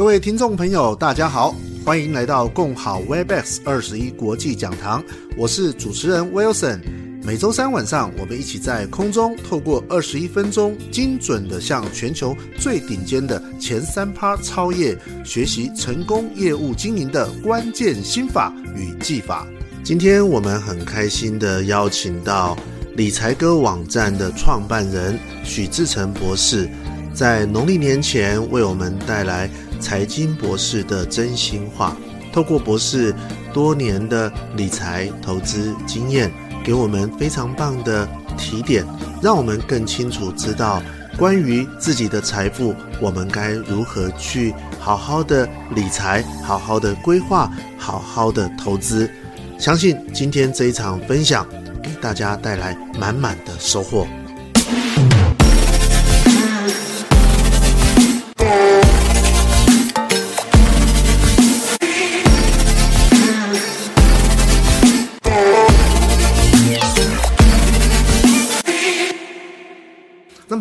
各位聽眾朋友，大家好，歡迎來到共好 Webex 二十一國際講堂。我是主持人 Wilson。每周三晚上，我們一起在空中透過二十一分鐘，精準的向全球最頂尖的前三趴超業，學習成功業務經營的關鍵心法與技法。今天我們很開心的邀請到理財哥網站的創辦人許志誠博士，在農曆年前為我們帶來。財經博士的真心話，透過博士多年的理財投資經驗，給我們非常棒的提點，讓我們更清楚知道關於自己的財富，我們該如何去好好的理財、好好的規劃、好好的投資。相信今天這一場分享，給大家帶來滿滿的收穫。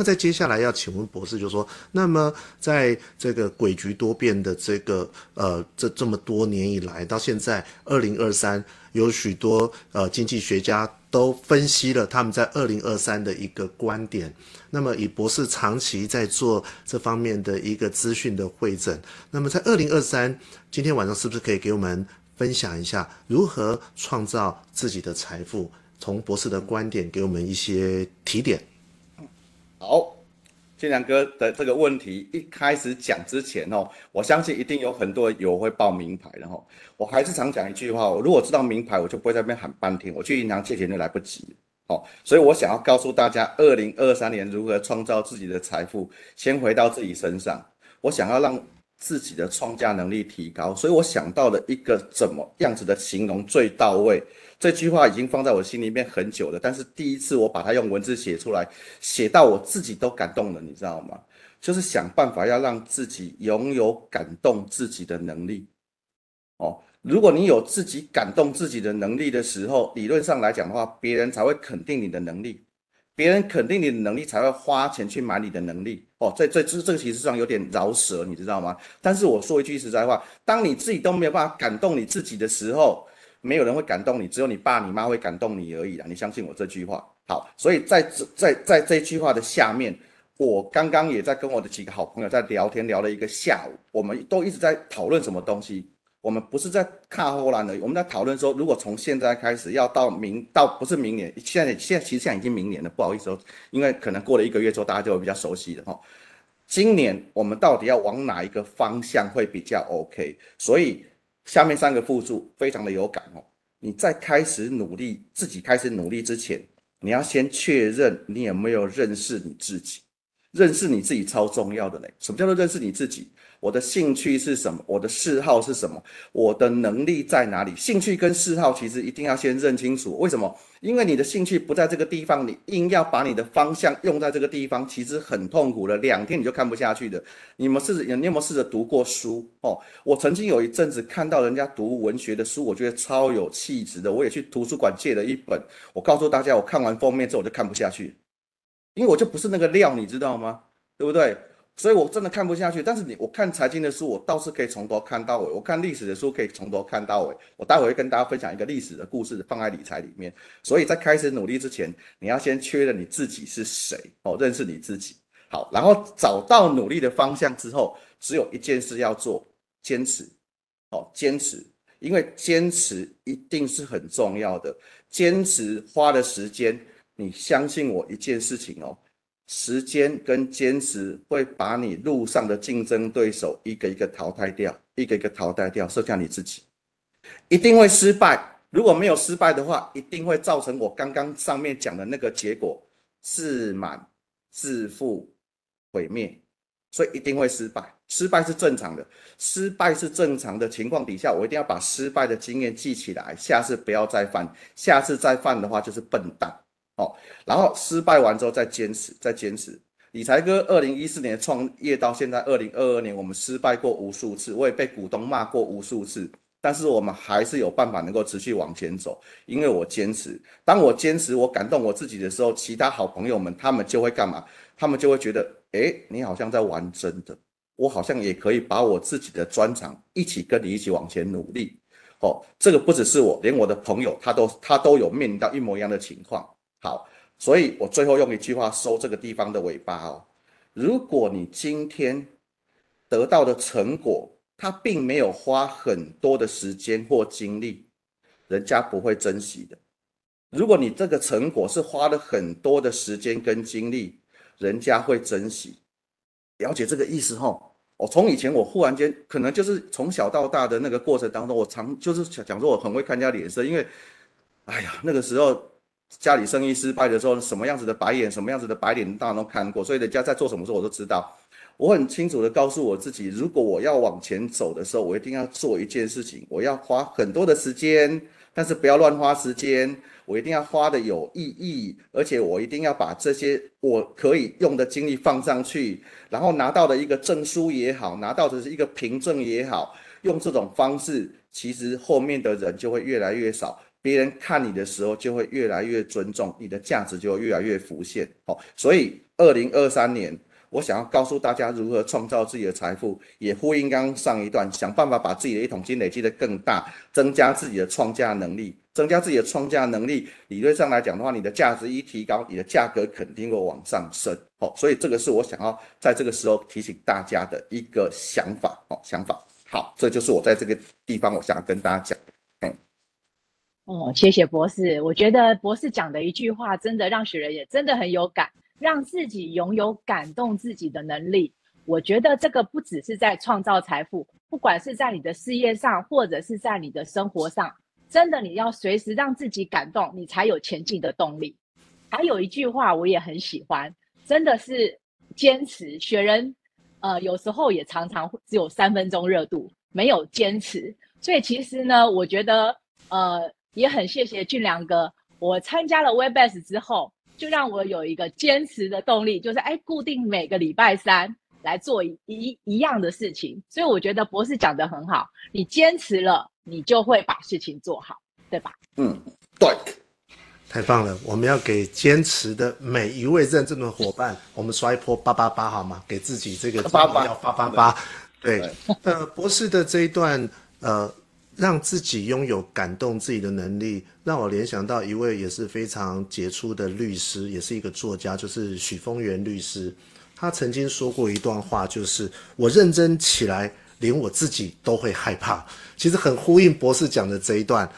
再接下來要請問博士，就說那麼在這個詭譎多變的這個呃這這麼多年以來，到現在二零二三，2023，有許多呃經濟學家都分析了他們在二零二三的一個觀點。那麼以博士長期在做這方面的一個資訊的匯整，那麼在二零二三，今天晚上是不是可以給我們分享一下如何創造自己的財富？從博士的觀點給我們一些提點。好，建良哥的這個問題，一開始講之前哦，我相信一定有很多有會報名牌的哈。我還是常講一句話，我如果知道名牌，我就不會在那邊喊半天，我去銀行借錢就來不及了。好，所以我想要告訴大家，二零二三年如何創造自己的財富，先回到自己身上。我想要讓。自己的創價能力提高，所以我想到了一個怎麼樣子的形容最到位。這句話已經放在我心裡面很久了，但是第一次我把它用文字寫出來，寫到我自己都感動了，你知道嗎？就是想辦法要讓自己擁有感動自己的能力。哦，如果你有自己感動自己的能力的時候，理論上來講的話，別人才會肯定你的能力。別人肯定你的能力，才會花錢去買你的能力哦。在這這這個其實上有點饒舌，你知道嗎？但是我說一句實在話，當你自己都沒有辦法感動你自己的時候，沒有人會感動你，只有你爸你媽會感動你而已啊！你相信我這句話？好，所以在在在，在這句話的下面，我剛剛也在跟我的幾個好朋友在聊天，聊了一個下午，我們都一直在討論什麼東西。我們不是在看後來的，我們在討論說，如果從現在開始要到明，到不是明年，現在現在其實現在已經明年了，不好意思哦，因為可能過了一個月之後，大家就會比較熟悉了哈。今年我們到底要往哪一個方向會比較 OK？所以下面三個輔助非常的有感哦。你在開始努力，自己開始努力之前，你要先確認你有沒有認識你自己，認識你自己超重要的嘞。什麼叫做認識你自己？我的興趣是什麼？我的嗜好是什麼？我的能力在哪裡？興趣跟嗜好其實一定要先認清楚。為什麼？因為你的興趣不在這個地方，你硬要把你的方向用在這個地方，其實很痛苦的。兩天你就看不下去的。你們試著，你有沒有試着讀過書哦？我曾經有一陣子看到人家讀文學的書，我覺得超有氣質的。我也去圖書館借了一本。我告訴大家，我看完封面之後我就看不下去，因為我就不是那個料，你知道嗎？對不對？所以我真的看不下去，但是你我看財經的書，我倒是可以從頭看到尾；我看歷史的書可以從頭看到尾。我待會會跟大家分享一個歷史的故事，放在理財裡面。所以在開始努力之前，你要先確認你自己是誰哦，認識你自己。好，然後找到努力的方向之後，只有一件事要做：堅持。哦，堅持，因為堅持一定是很重要的。堅持花了時間，你相信我一件事情哦。時間跟堅持會把你路上的競爭對手一個一個淘汰掉，一個一個淘汰掉，剩下你自己，一定會失敗。如果沒有失敗的話，一定會造成我剛剛上面講的那個結果：自滿、自負、毀滅。所以一定會失敗，失敗是正常的。失敗是正常的情況底下，我一定要把失敗的經驗記起來，下次不要再犯。下次再犯的話，就是笨蛋。哦，然後失敗完之後再堅持，再堅持。理財哥二零一四年創業到現在二零二二年，我們失敗過無數次，我也被股東罵過無數次，但是我們還是有辦法能夠持續往前走，因為我堅持。當我堅持，我感動我自己的時候，其他好朋友們他們就會幹嘛？他們就會覺得，哎，你好像在玩真的，我好像也可以把我自己的專長一起跟你一起往前努力。哦，這個不只是我，連我的朋友他都他都有面臨到一模一樣的情況。好，所以我最後用一句話收這個地方的尾巴哦。如果你今天得到的成果，它並沒有花很多的時間或精力，人家不會珍惜的。如果你這個成果是花了很多的時間跟精力，人家會珍惜。了解這個意思後，我從以前我忽然間可能就是從小到大的那個過程當中，我常就是想講說我很會看人家臉色，因為哎呀那個時候。家裡生意失敗的時候，什麼樣子的白眼，什麼樣子的白臉，大家都看過，所以人家在做什麼事我都知道。我很清楚地告訴我自己，如果我要往前走的時候，我一定要做一件事情，我要花很多的時間，但是不要亂花時間，我一定要花的有意義，而且我一定要把這些我可以用的精力放上去，然後拿到的一個證書也好，拿到的是一個憑證也好，用這種方式，其實後面的人就會越來越少。別人看你的時候，就會越來越尊重你的價值，就會越來越浮現。好，所以2023年，我想要告訴大家如何創造自己的財富，也呼應剛剛上一段，想辦法把自己的一桶金累積得更大，增加自己的創價能力，增加自己的創價能力。理論上來講的話，你的價值一提高，你的價格肯定會往上升。好，所以這個是我想要在這個時候提醒大家的一個想法。好，想法。好，這就是我在這個地方，我想要跟大家講。哦、嗯，謝謝博士。我覺得博士講的一句話真的讓雪人也真的很有感，讓自己擁有感動自己的能力。我覺得這個不只是在創造財富，不管是在你的事業上，或者是在你的生活上，真的你要隨時讓自己感動，你才有前進的動力。還有一句話我也很喜歡，真的是堅持。雪人，呃，有時候也常常只有三分鐘熱度，沒有堅持。所以其實呢，我覺得，呃。也很謝謝俊良哥，我參加了 Webex 之後，就讓我有一個堅持的動力，就是哎，固定每個禮拜三來做一一,一樣的事情。所以我覺得博士講得很好，你堅持了，你就會把事情做好，對吧？嗯，對，太棒了！我們要給堅持的每一位認證的夥伴， 我們刷一波八八八，好嗎？給自己這個八八八，對。呃，博士的這一段，呃。讓自己擁有感動自己的能力，讓我聯想到一位也是非常傑出的律師，也是一個作家，就是許峰源律師。他曾經說過一段話，就是我認真起來，連我自己都會害怕。其實很呼應博士講的這一段，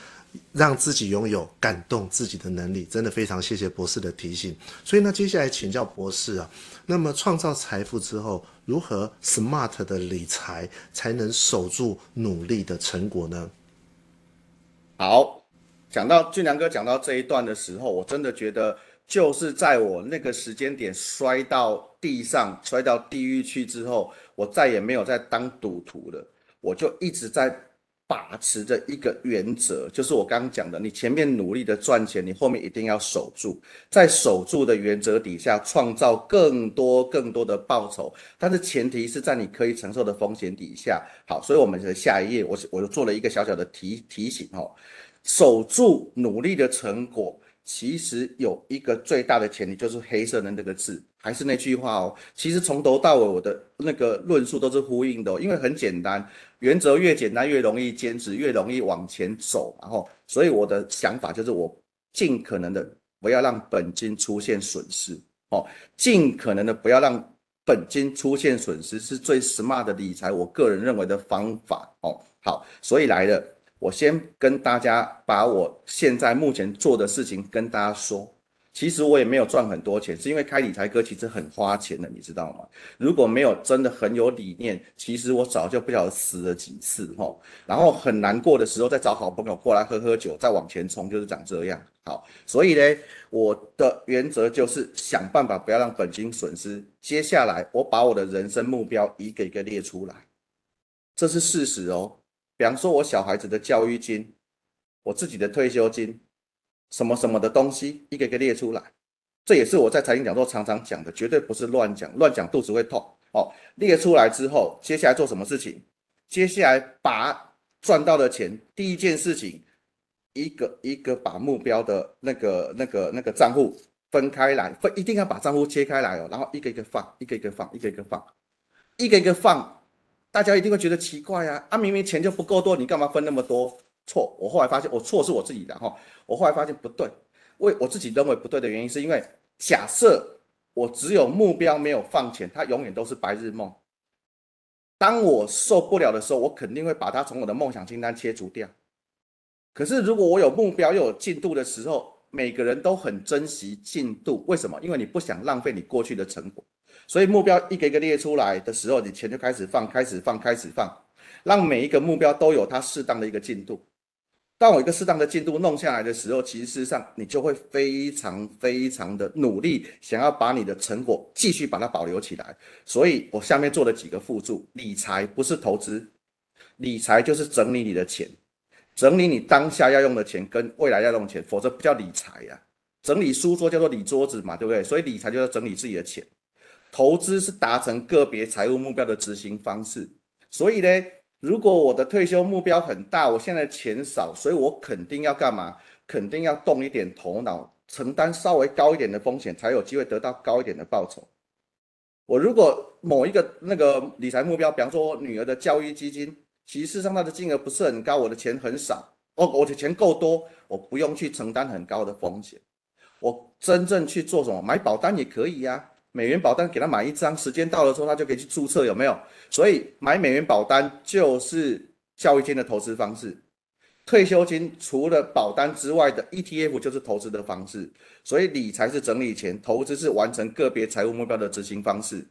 讓自己擁有感動自己的能力，真的非常謝謝博士的提醒。所以呢，那接下來請教博士啊。那麼創造財富之後，如何 smart 的理財才能守住努力的成果呢？好，講到俊良哥講到這一段的時候，我真的覺得，就是在我那個時間點摔到地上、摔到地獄去之後，我再也沒有再當賭徒了，我就一直在。把持着一個原則，就是我剛剛講的，你前面努力的賺錢，你後面一定要守住，在守住的原則底下，創造更多更多的報酬，但是前提是在你可以承受的風險底下。好，所以我們的下一頁，我我就做了一個小小的提提醒吼，守住努力的成果。其實有一個最大的前提，就是黑色的那個字，還是那句話哦。其實從頭到尾我的那個論述都是呼應的哦，因為很簡單，原則越簡單越容易堅持，越容易往前走。然後，所以我的想法就是，我儘可能的不要讓本金出現損失哦，儘可能的不要讓本金出現損失，是最 smart 的理財，我個人認為的方法哦。好，所以來了。我先跟大家把我現在目前做的事情跟大家說，其實我也沒有賺很多錢，是因為開理財課其實很花錢的，你知道嗎？如果沒有真的很有理念，其實我早就不曉得死了幾次哈，然後很難過的時候再找好朋友過來喝喝酒，再往前衝，就是長這樣。好，所以呢，我的原則就是想辦法不要讓本金損失。接下來我把我的人生目標一個一個列出來，這是事實哦。比方說，我小孩子的教育金，我自己的退休金，什麼什麼的東西，一個一個列出來，這也是我在財經講座常常講的，絕對不是亂講，亂講肚子會痛哦。列出來之後，接下來做什麼事情？接下來把賺到的錢，第一件事情，一個一個把目標的那個、那個、那個賬戶分開來，分一定要把賬戶切開來哦，然後一個一個放，一個一個放，一個一個放，一個一個放。一個一個放大家一定會覺得奇怪呀，啊，啊，明明錢就不夠多，你幹嘛分那麼多？錯，我後來發現我錯是我自己的哈，我後來發現不對，為我自己認為不對的原因是因為，假設我只有目標沒有放錢，它永遠都是白日夢。當我受不了的時候，我肯定會把它從我的夢想清單切除掉。可是如果我有目標又有進度的時候，每個人都很珍惜進度，為什麼？因為你不想浪費你過去的成果。所以目標一個一個列出來的時候，你錢就開始放，開始放，開始放，讓每一個目標都有它適當的一個進度。當我一個適當的進度弄下來的時候，其實事實上你就會非常非常的努力，想要把你的成果繼續把它保留起來。所以我下面做了幾個輔助。理財不是投資，理財就是整理你的錢，整理你當下要用的錢跟未來要用的錢，否則不叫理財呀。整理書桌叫做理桌子嘛，對不對？所以理財就是整理自己的錢。投資是達成個別財務目標的執行方式，所以呢，如果我的退休目標很大，我現在錢少，所以我肯定要幹嘛？肯定要動一點頭腦，承擔稍微高一點的風險，才有機會得到高一點的報酬。我如果某一個那個理財目標，比方說我女兒的教育基金，其實事實上它的金額不是很高，我的錢很少哦，我的錢夠多，我不用去承擔很高的風險，我真正去做什麼？買保單也可以呀，啊。美元保單給他買一張，時間到了之後他就可以去註冊，有沒有？所以買美元保單就是教育金的投資方式。退休金除了保單之外的 ETF 就是投資的方式。所以理財是整理錢，投資是完成個別財務目標的執行方式。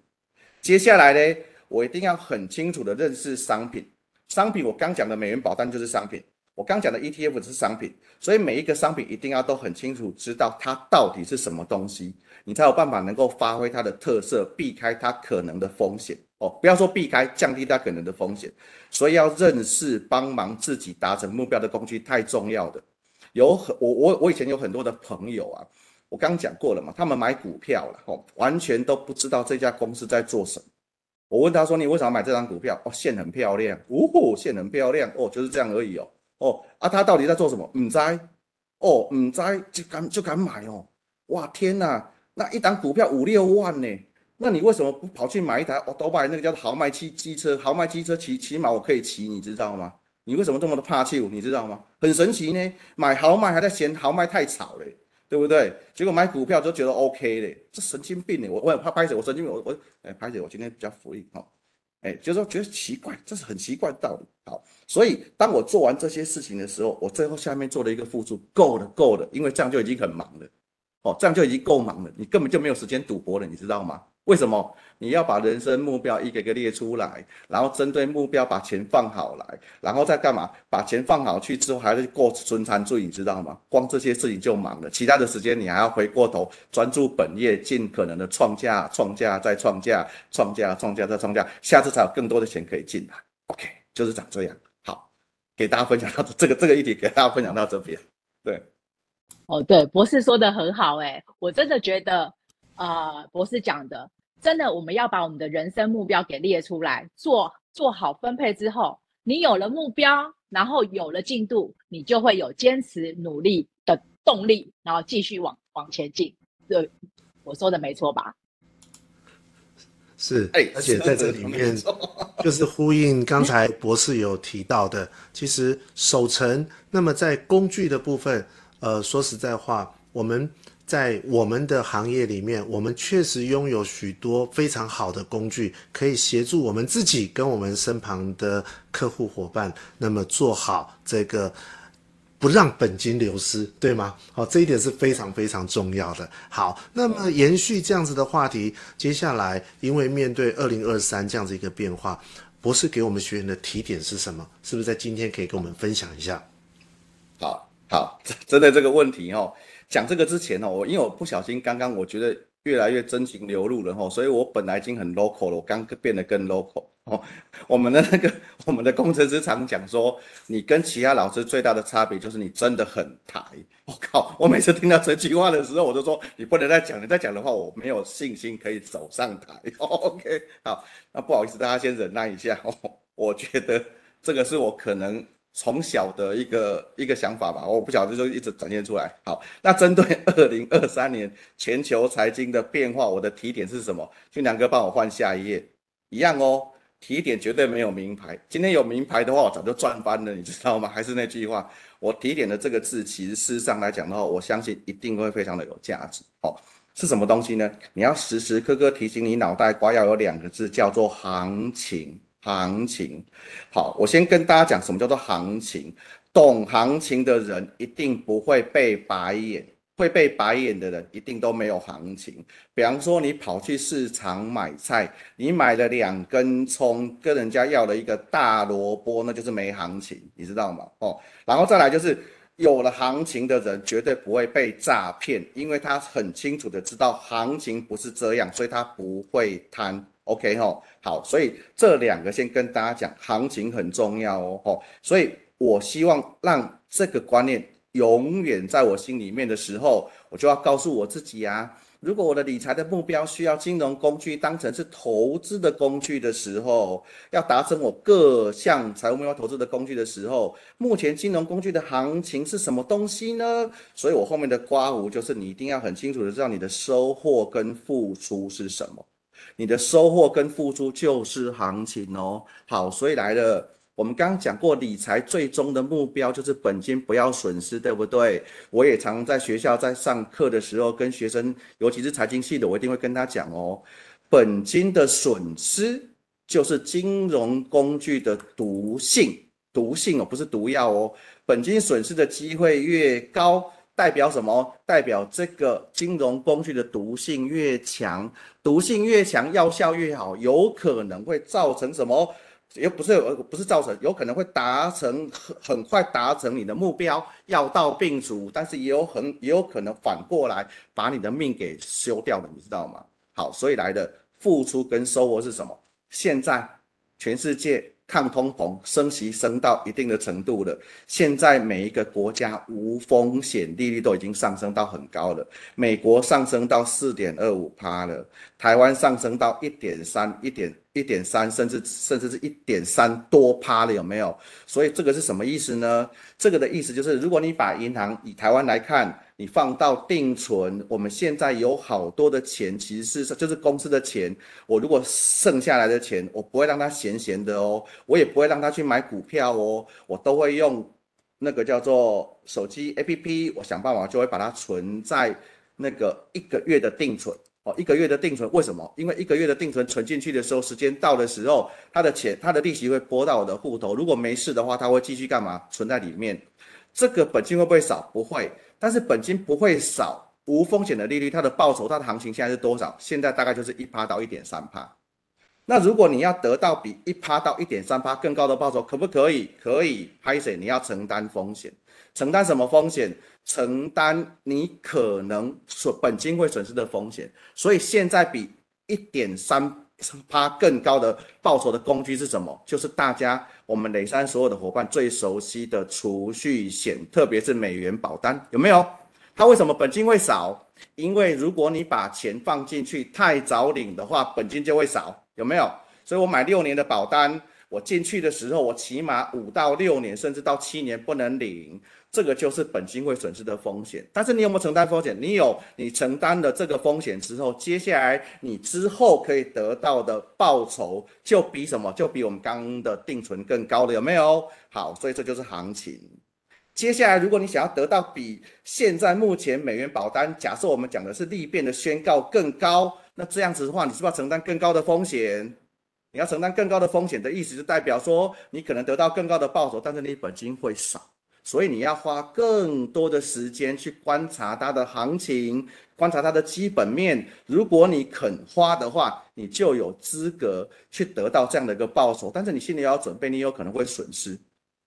接下來呢，我一定要很清楚的認識商品。商品我剛講的美元保單就是商品。我剛講的 ETF 是商品，所以每一個商品一定要都很清楚知道它到底是什麼東西，你才有辦法能夠發揮它的特色，避開它可能的風險哦。不要說避開，降低它可能的風險，所以要認識幫忙自己達成目標的工具太重要的。有很我我我以前有很多的朋友啊，我剛講過了嘛，他們買股票了哦，完全都不知道這家公司在做什麼。我問他說：“你為什麼買這張股票？”哦，線很漂亮，哦，線很漂亮，哦，就是這樣而已哦。哦，啊，他到底在做什麼？唔知，哦，唔知就敢就敢買哦，哇天哪、啊，那一檔股票五六萬呢，那你為什麼不跑去買一台哦，迪拜那個叫豪邁汽機車，豪邁機車騎，起碼我可以騎，你知道嗎？你為什麼這麼的怕氣，你知道嗎？很神奇呢，買豪邁還在嫌豪邁太吵嘞，對不對？結果買股票就覺得 OK 嘞，這神經病呢？我問很怕拍謝，我神經病，我我拍謝、欸，我今天比較福利。哈、哦。哎、欸，就是說覺得奇怪，這是很奇怪的道理。好，所以當我做完這些事情的時候，我最後下面做了一個付出，夠了，夠了，因為這樣就已經很忙了。哦，這樣就已經夠忙了，你根本就沒有時間賭博了，你知道嗎？為什麼你要把人生目標一個一個列出來，然後針對目標把錢放好來，然後再幹嘛？把錢放好去之後，還是過春餐穿住，你知道嗎？光這些事情就忙了，其他的時間你還要回過頭專注本業，儘可能的創價、創價、再創價、創價、創價、再創價，下次才有更多的錢可以進來。OK，就是長這樣。好，給大家分享到這個這個議題，給大家分享到這邊。對，哦對，博士說的很好哎、欸，我真的覺得啊、呃，博士講的。真的，我們要把我們的人生目標給列出來，做做好分配之後，你有了目標，然後有了進度，你就會有堅持努力的動力，然後繼續往往前進。對，我說的沒錯吧？是，而且在這裡面，就是呼應剛才博士有提到的， 其實守成，那麼在工具的部分，呃，說實在話，我們。在我們的行業裡面，我們確實擁有許多非常好的工具，可以協助我們自己跟我們身旁的客戶夥伴，那麼做好這個，不讓本金流失，對嗎？好、哦，這一點是非常非常重要的。好，那麼延續這樣子的話題，接下來，因為面對二零二三這樣子一個變化，博士給我們學員的提點是什麼？是不是在今天可以跟我們分享一下？好好，針對這個問題哦。講這個之前呢，我因為我不小心，剛剛我覺得越來越真情流露了，所以我本來已經很 local 了，我剛變得更 local。哦，我們的那個，我們的工程師常講說，你跟其他老師最大的差別就是你真的很台。我靠，我每次聽到這句話的時候，我就說，你不能再講，你再講的話，我沒有信心可以走上臺。OK，好，那不好意思，大家先忍耐一下哦。我覺得這個是我可能，從小的一個一個想法吧，我不曉得就一直展現出來。好，那針對二零二三年全球財經的變化，我的提點是什麼？俊良哥，幫我換下一頁，一樣哦。提點絕對沒有名牌，今天有名牌的話，我早就賺翻了，你知道嗎？還是那句話，我提點的這個字，其實事實上來講的話，我相信一定會非常的有價值。好，哦，是什麼東西呢？你要時時刻刻提醒你腦袋瓜要有兩個字，叫做行情。行情，好，我先跟大家講什麼叫做行情。懂行情的人一定不會被白眼，會被白眼的人一定都沒有行情。比方說，你跑去市場買菜，你買了兩根蔥，跟人家要了一個大蘿蔔，那就是沒行情，你知道嗎？哦，然後再來就是，有了行情的人絕對不會被詐騙，因為他很清楚的知道行情不是這樣，所以他不會貪。OK 哈，好，所以這兩個先跟大家講，行情很重要哦，哈，所以我希望讓這個觀念永遠在我心裡面的時候，我就要告訴我自己啊，如果我的理財的目標需要金融工具當成是投資的工具的時候，要達成我各項財務目標投資的工具的時候，目前金融工具的行情是什麼東西呢？所以我後面的括弧就是你一定要很清楚的知道你的收穫跟付出是什麼。你的收穫跟付出就是行情哦。好，所以來了，我們剛剛講過，理財最終的目標就是本金不要損失，對不對？我也常在學校在上課的時候跟學生，尤其是財經系的，我一定會跟他講哦，本金的損失就是金融工具的毒性，毒性哦，不是毒藥哦，本金損失的機會越高。代表什麼？代表這個金融工具的毒性越強，毒性越強，藥效越好，有可能會造成什麼？也不是，不是造成，有可能會達成很很快達成你的目標，藥到病除。但是也有很，也有可能反過來把你的命給修掉了，你知道嗎？好，所以來的付出跟收穫是什麼？現在全世界。抗通膨升息升到一定的程度了，現在每一個國家無風險利率都已經上升到很高了，美國上升到四點二五趴了，台灣上升到一點三一點。一點三，甚至甚至是一點三多趴了，有沒有？所以這個是什麼意思呢？這個的意思就是，如果你把銀行以台灣來看，你放到定存，我們現在有好多的錢，其實是就是公司的錢。我如果剩下來的錢，我不會讓它閒閒的哦，我也不會讓他去買股票哦，我都會用那個叫做手機 APP，我想辦法就會把它存在那個一個月的定存。哦，一個月的定存為什麼？因為一個月的定存存進去的時候，時間到的時候，他的錢、他的利息會撥到我的戶頭。如果沒事的話，他會繼續幹嘛？存在裡面，這個本金會不會少？不會。但是本金不會少，無風險的利率，它的報酬，它的行情現在是多少？現在大概就是一趴到一點三趴。那如果你要得到比一趴到一點三趴更高的報酬，可不可以？可以，拍，是你要承擔風險，承擔什麼風險？承擔你可能損本金會損失的風險，所以現在比一點三趴更高的報酬的工具是什麼？就是大家我們雷山所有的夥伴最熟悉的儲蓄險，特別是美元保單，有沒有？它為什麼本金會少？因為如果你把錢放進去太早領的話，本金就會少，有沒有？所以我買六年的保單。我進去的時候，我起碼五到六年，甚至到七年不能領，這個就是本金會損失的風險。但是你有沒有承擔風險？你有，你承擔了這個風險之後，接下來你之後可以得到的報酬就比什麼？就比我們剛剛的定存更高了。有沒有？好，所以這就是行情。接下來，如果你想要得到比現在目前美元保單，假設我們講的是利變的宣告更高，那這樣子的話，你是不是要承擔更高的風險？你要承擔更高的風險的意思，就代表說你可能得到更高的報酬，但是你本金會少，所以你要花更多的時間去觀察它的行情，觀察它的基本面。如果你肯花的話，你就有資格去得到這樣的一個報酬，但是你心裡要準備，你有可能會損失。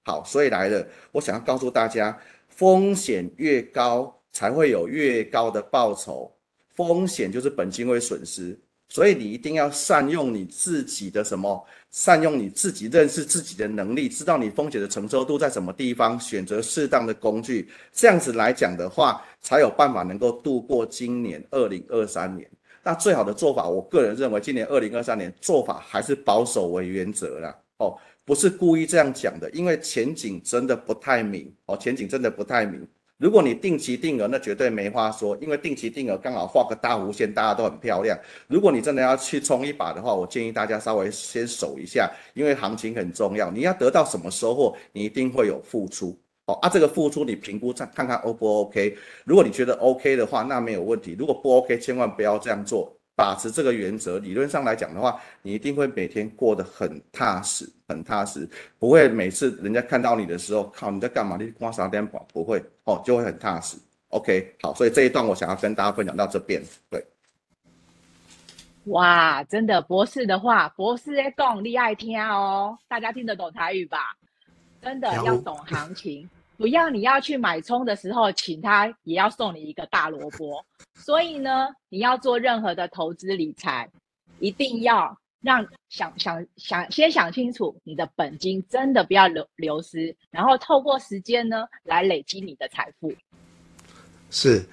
好，所以來了，我想要告訴大家，風險越高，才會有越高的報酬。風險就是本金會損失。所以你一定要善用你自己的什麼？善用你自己認識自己的能力，知道你風險的承受度在什麼地方，選擇適當的工具。這樣子來講的話，才有辦法能夠度過今年二零二三年。那最好的做法，我個人認為，今年二零二三年做法還是保守為原則啦。哦，不是故意這樣講的，因為前景真的不太明。哦，前景真的不太明。如果你定期定額，那絕對沒話說，因為定期定額剛好畫個大弧線，大家都很漂亮。如果你真的要去衝一把的話，我建議大家稍微先守一下，因為行情很重要。你要得到什麼收穫，你一定會有付出。好、哦、啊，這個付出你評估看看 O 不 OK？如果你覺得 OK 的話，那沒有問題；如果不 OK，千萬不要這樣做。把持這個原則，理論上來講的話，你一定會每天過得很踏實，很踏實，不會每次人家看到你的時候，靠，你在幹嘛？你逛商店不？不會哦，就會很踏實。OK，好，所以這一段我想要跟大家分享到這邊。對，哇，真的，博士的話，博士來講，厲害天哦，大家聽得懂台語吧？真的要懂行情。 不要你要去買蔥的時候，請他也要送你一個大蘿蔔。所以呢，你要做任何的投資理財，一定要讓想想想先想清楚，你的本金真的不要流流失，然後透過時間呢來累積你的財富。是，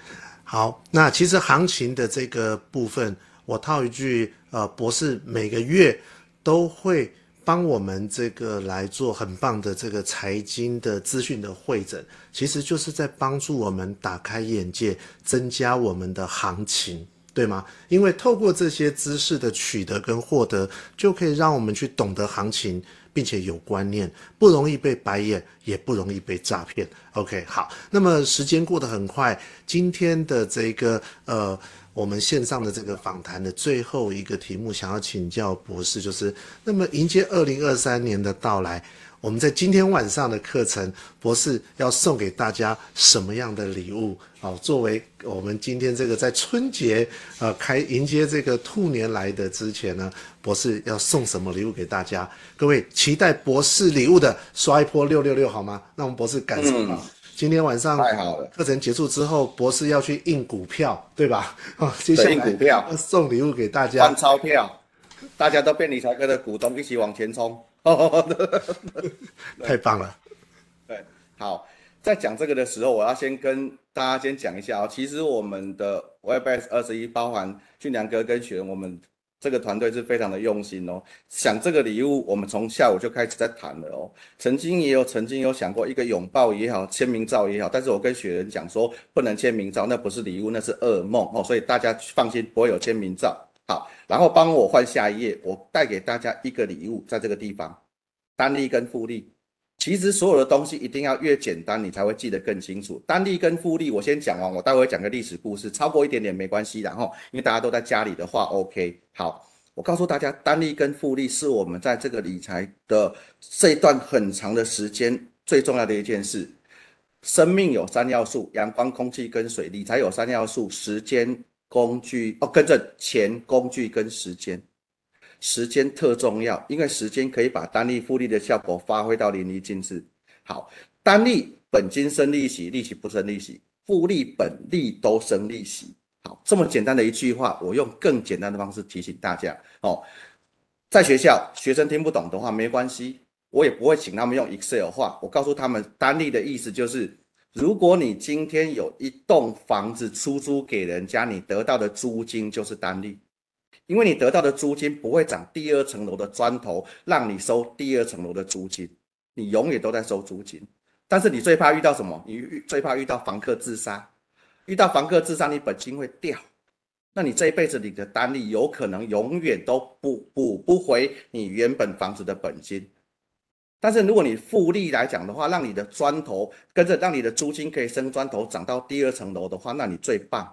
好。那其實行情的這個部分，我套一句，呃，博士每個月都會。幫我們這個來做很棒的這個財經的資訊的匯整，其實就是在幫助我們打開眼界，增加我們的行情，對嗎？因為透過這些知識的取得跟獲得，就可以讓我們去懂得行情，並且有觀念，不容易被白眼，也不容易被詐騙。OK，好，那麼時間過得很快，今天的這個呃。我們線上的這個訪談的最後一個題目，想要請教博士，就是那麼迎接二零二三年的到來，我們在今天晚上的課程，博士要送給大家什麼樣的禮物？好，哦，作為我們今天這個在春節呃開迎接這個兔年來的之前呢，博士要送什麼禮物給大家？各位期待博士禮物的，刷一波六六六好嗎？讓我們博士感受到。嗯今天晚上太好了，課程結束之後，博士要去印股票，對吧？啊，對，印股票送禮物給大家，翻鈔票，大家都變理財哥的股東，一起往前衝， 太棒了。對，對好，在講這個的時候，我要先跟大家先講一下啊，其實我們的 Webex 二十一包含俊良哥跟雪，我們。這個團隊是非常的用心哦，想這個禮物，我們從下午就開始在談了哦。曾經也有，曾經有想過一個擁抱也好，簽名照也好，但是我跟學員講說，不能簽名照，那不是禮物，那是噩夢哦。所以大家放心，不會有簽名照。好，然後幫我換下一頁，我帶給大家一個禮物，在這個地方，單利跟複利。其實所有的東西一定要越簡單，你才會記得更清楚。單利跟複利，我先講完，我待會講個歷史故事，超過一點點沒關係。然後因為大家都在家裡的話，OK，好，我告訴大家，單利跟複利是我們在這個理財的這一段很長的時間最重要的一件事。生命有三要素：陽光、空氣跟水。理財有三要素：時間、工具哦，跟着錢、工具跟時間。時間特重要，因為時間可以把單利複利的效果發揮到淋漓盡致。好，單利本金生利息，利息不生利息；複利本利都生利息。好，這麼簡單的一句話，我用更簡單的方式提醒大家哦。在學校，學生聽不懂的話沒關係，我也不會請他們用 Excel 畫。我告訴他們，單利的意思就是，如果你今天有一棟房子出租給人家，你得到的租金就是單利。因為你得到的租金不會漲，第二層樓的磚頭讓你收第二層樓的租金，你永遠都在收租金。但是你最怕遇到什麼？你最怕遇到房客自殺。遇到房客自殺，你本金會掉。那你這一輩子你的單利有可能永遠都不補，補不回你原本房子的本金。但是如果你複利來講的話，讓你的磚頭跟着讓你的租金可以升，磚頭漲到第二層樓的話，那你最棒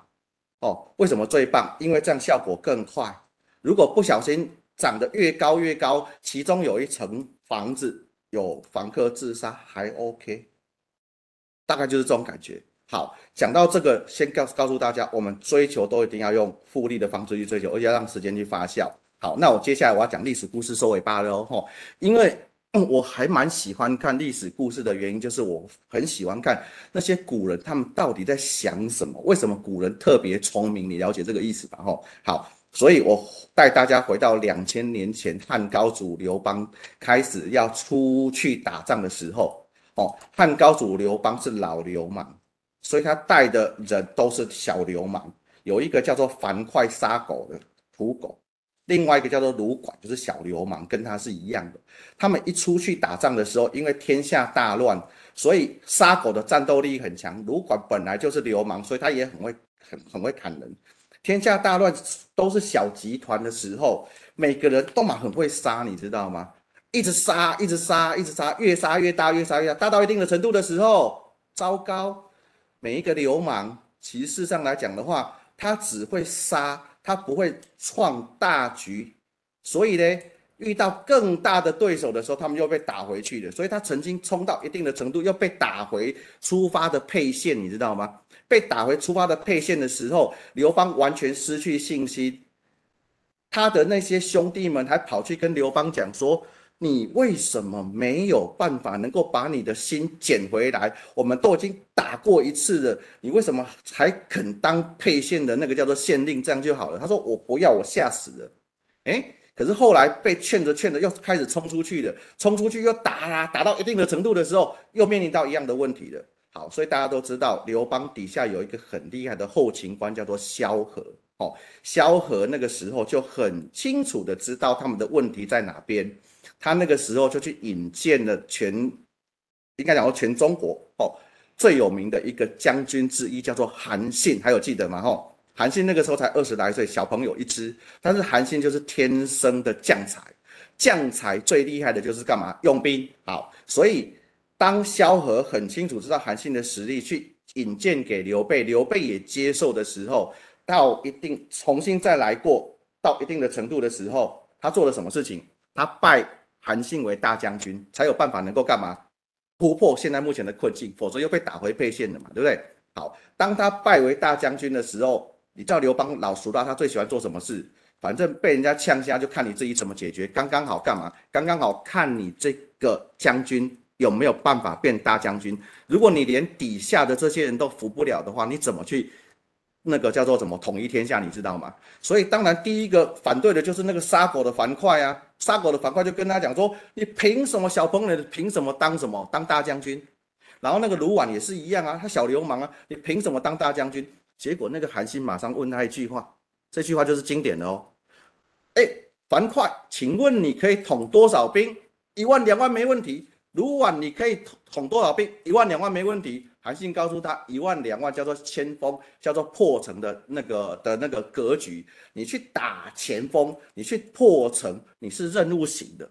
哦。為什麼最棒？因為這樣效果更快。如果不小心長得越高越高，其中有一層房子有房客自殺還 OK，大概就是這種感覺。好，講到這個，先告告訴大家，我們追求都一定要用複利的方式去追求，而且要讓時間去發酵。好，那我接下來我要講歷史故事收尾巴了哦，因為我還蠻喜歡看歷史故事的原因，就是我很喜歡看那些古人他們到底在想什麼，為什麼古人特別聰明？你了解這個意思吧？哦，好。所以我帶大家回到兩千年前，漢高祖劉邦開始要出去打仗的時候，哦，漢高祖劉邦是老流氓，所以他帶的人都是小流氓。有一個叫做樊噲殺狗的屠狗，另外一個叫做盧管，就是小流氓，跟他是一樣的。他們一出去打仗的時候，因為天下大亂，所以殺狗的戰鬥力很強。盧管本來就是流氓，所以他也很會很很會砍人。天下大亂都是小集團的時候，每個人都嘛很會殺，你知道嗎？一直殺，一直殺，一直殺，越殺越大，越殺越大，大到一定的程度的時候，糟糕，每一個流氓其實上來講的話，他只會殺，他不會創大局，所以呢。遇到更大的對手的時候，他們又被打回去了。所以他曾經衝到一定的程度，又被打回出發的沛縣，你知道嗎？被打回出發的沛縣的時候，劉邦完全失去信心。他的那些兄弟們還跑去跟劉邦講說：“你為什麼沒有辦法能夠把你的心撿回來？我們都已經打過一次了，你為什麼還肯當沛縣的那個叫做縣令？這樣就好了。”他說：“我不要，我嚇死了。欸”誒。可是後來被勸着勸着又開始衝出去的，衝出去又打、啊，打到一定的程度的時候，又面臨到一樣的問題的。好，所以大家都知道，劉邦底下有一個很厲害的後勤官，叫做蕭何。好、哦，蕭何那個時候就很清楚的知道他們的問題在哪邊，他那個時候就去引薦了全，應該講說全中國哦最有名的一個將軍之一，叫做韓信，還有記得嗎？吼。韓信那個時候才二十來歲，小朋友一隻。但是韓信就是天生的將才，將才最厲害的就是幹嘛？用兵。好，所以當蕭何很清楚知道韓信的實力，去引薦給劉備，劉備也接受的時候，到一定重新再來過，到一定的程度的時候，他做了什麼事情？他拜韓信為大將軍，才有辦法能夠幹嘛？突破現在目前的困境，否則又被打回沛縣了嘛，對不對？好，當他拜為大將軍的時候。你知道劉邦老熟了，他最喜歡做什麼事？反正被人家嗆下，就看你自己怎麼解決。剛剛好幹嘛？剛剛好看你這個將軍有沒有辦法變大將軍？如果你連底下的這些人都服不了的話，你怎麼去那個叫做什麼統一天下？你知道嗎？所以當然第一個反對的就是那個殺狗的樊噲啊，殺狗的樊噲就跟他講說：“你憑什麼小朋友憑什麼當什麼當大將軍？”然後那個盧綰也是一樣啊，他小流氓啊，你憑什麼當大將軍？結果，那個韓信馬上問他一句話，這句話就是經典的哦。哎，樊噲，請問你可以統多少兵？一萬兩萬沒問題。盧綰你可以統多少兵？一萬兩萬沒問題。韓信告訴他，一萬兩萬叫做前鋒，叫做破城的那個的那個格局。你去打前鋒，你去破城，你是任務型的。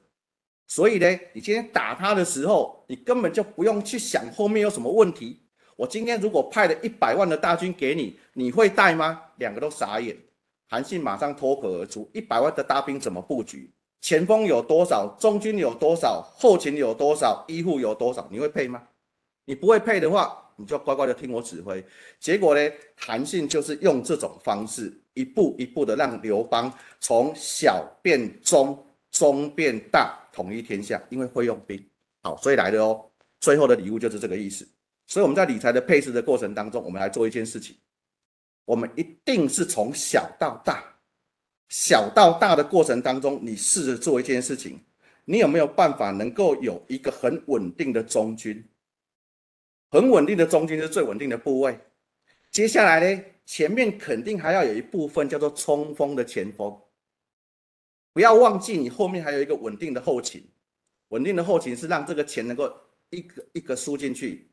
所以呢，你今天打他的時候，你根本就不用去想後面有什麼問題。我今天如果派了一百萬的大軍給你，你會帶嗎？兩個都傻眼。韓信馬上脫口而出：“一百萬的大兵怎麼布局？前鋒有多少？中軍有多少？後勤有多少？醫護有多少？你會配嗎？你不會配的話，你就乖乖的聽我指揮。”結果呢，韓信就是用這種方式，一步一步的讓劉邦從小變中，中變大，統一天下。因為會用兵，好，所以來的哦。最後的禮物就是這個意思。所以我們在理財的配置的過程當中，我們來做一件事情，我們一定是從小到大，小到大的過程當中，你試着做一件事情，你有沒有辦法能夠有一個很穩定的中軍？很穩定的中軍是最穩定的部位。接下來呢，前面肯定還要有一部分叫做衝鋒的前鋒，不要忘記你後面還有一個穩定的後勤，穩定的後勤是讓這個錢能夠一個一個輸進去。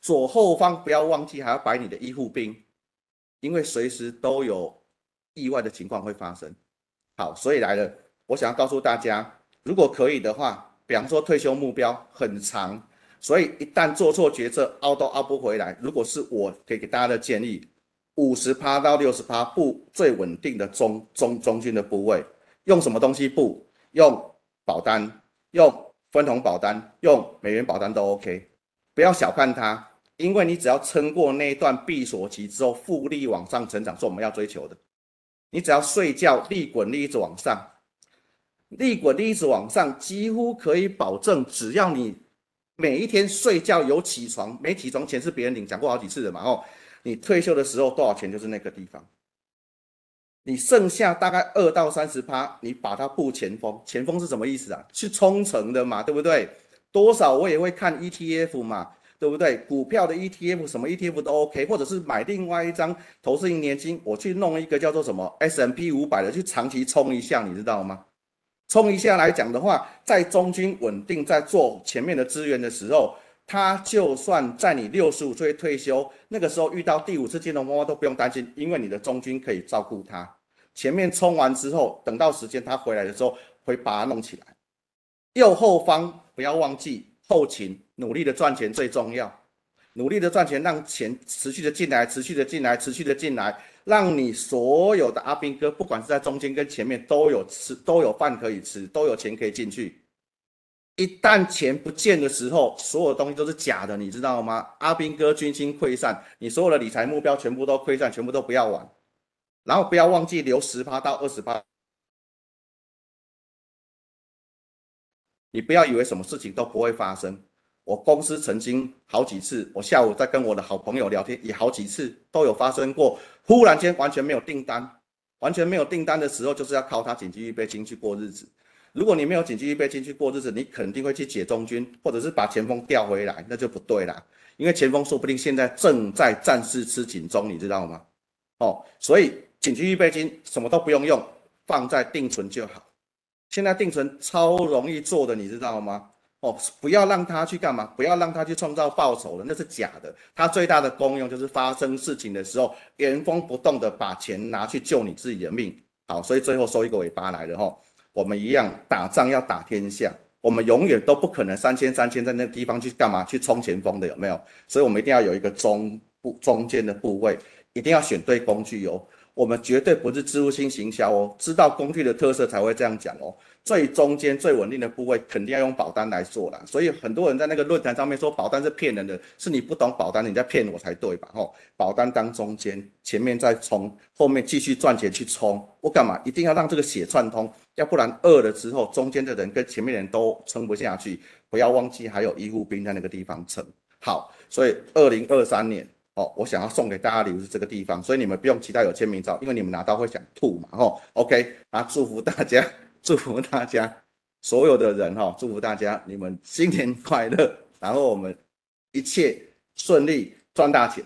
左後方不要忘記還要擺你的醫護兵，因為隨時都有意外的情況會發生。好，所以來了，我想要告訴大家，如果可以的話，比方說退休目標很長，所以一旦做錯決策，凹都凹不回來。如果是我給給大家的建議，五十趴到六十趴佈最穩定的中中中軍的部位，用什麼東西佈？用保單，用分紅保單，用美元保單都 OK。不要小看它，因為你只要撐過那段閉鎖期之後，複利往上成長是我們要追求的。你只要睡覺，利滾利一直往上，利滾利一直往上，幾乎可以保證，只要你每一天睡覺有起床，沒起床錢是別人領，講過好幾次的嘛。哦，你退休的時候多少錢就是那個地方，你剩下大概二到三十趴，你把它付前鋒。前鋒是什麼意思啊？是衝城的嘛，對不對？多少我也會看 ETF 嘛，對不對？股票的 ETF 什麼 ETF 都 OK，或者是買另外一張投資型年金，我去弄一個叫做什麼 S&P 五百的，去長期衝一下，你知道嗎？衝一下來講的話，在中軍穩定在做前面的資源的時候，他就算在你六十五歲退休那個時候遇到第五次金融風暴都不用擔心，因為你的中軍可以照顧他。前面衝完之後，等到時間他回來的時候會把它弄起來，右後方。不要忘記後勤，努力的賺錢最重要。努力的賺錢，讓錢持續的進來，持續的進來，持續的進來，讓你所有的阿兵哥，不管是在中間跟前面，都有吃，都有飯可以吃，都有錢可以進去。一旦錢不見的時候，所有東西都是假的，你知道嗎？阿兵哥軍心潰散，你所有的理財目標全部都潰散，全部都不要玩。然後不要忘記留十趴到二十趴。你不要以為什麼事情都不會發生，我公司曾經好幾次，我下午在跟我的好朋友聊天也好幾次，都有發生過，忽然間完全沒有訂單，完全沒有訂單的時候，就是要靠他緊急預備金去過日子。如果你沒有緊急預備金去過日子，你肯定會去解中軍，或者是把前鋒調回來，那就不對啦。因為前鋒說不定現在正在戰事吃緊中，你知道嗎？哦，所以緊急預備金什麼都不用用，放在定存就好。現在定存超容易做的，你知道嗎？哦，不要讓他去幹嘛？不要讓他去創造報酬了，那是假的。他最大的功用就是發生事情的時候，原封不動的把錢拿去救你自己的命。好，所以最後收一個尾巴來了吼。我們一樣打仗要打天下，我們永遠都不可能三千三千在那個地方去幹嘛？去衝前鋒的有沒有？所以我們一定要有一個中部中間的部位，一定要選對工具哦。我們絕對不是置入性行銷哦，知道工具的特色才會這樣講哦。最中間最穩定的部位肯定要用保單來做啦。所以很多人在那個論壇上面說保單是騙人的，是你不懂保單，你在騙我才對吧？吼，保單當中間，前面再衝，後面繼續賺錢去衝，我幹嘛一定要讓這個血串通？要不然餓了之後，中間的人跟前面的人都撐不下去。不要忘記還有醫護兵在那個地方撐。好，所以二零二三年。哦，我想要送給大家禮物是這個地方，所以你們不用期待有簽名照，因為你們拿到會想吐嘛。吼，OK，那祝福大家，祝福大家所有的人哈、哦，祝福大家你們新年快樂，然後我們一切順利，賺大錢。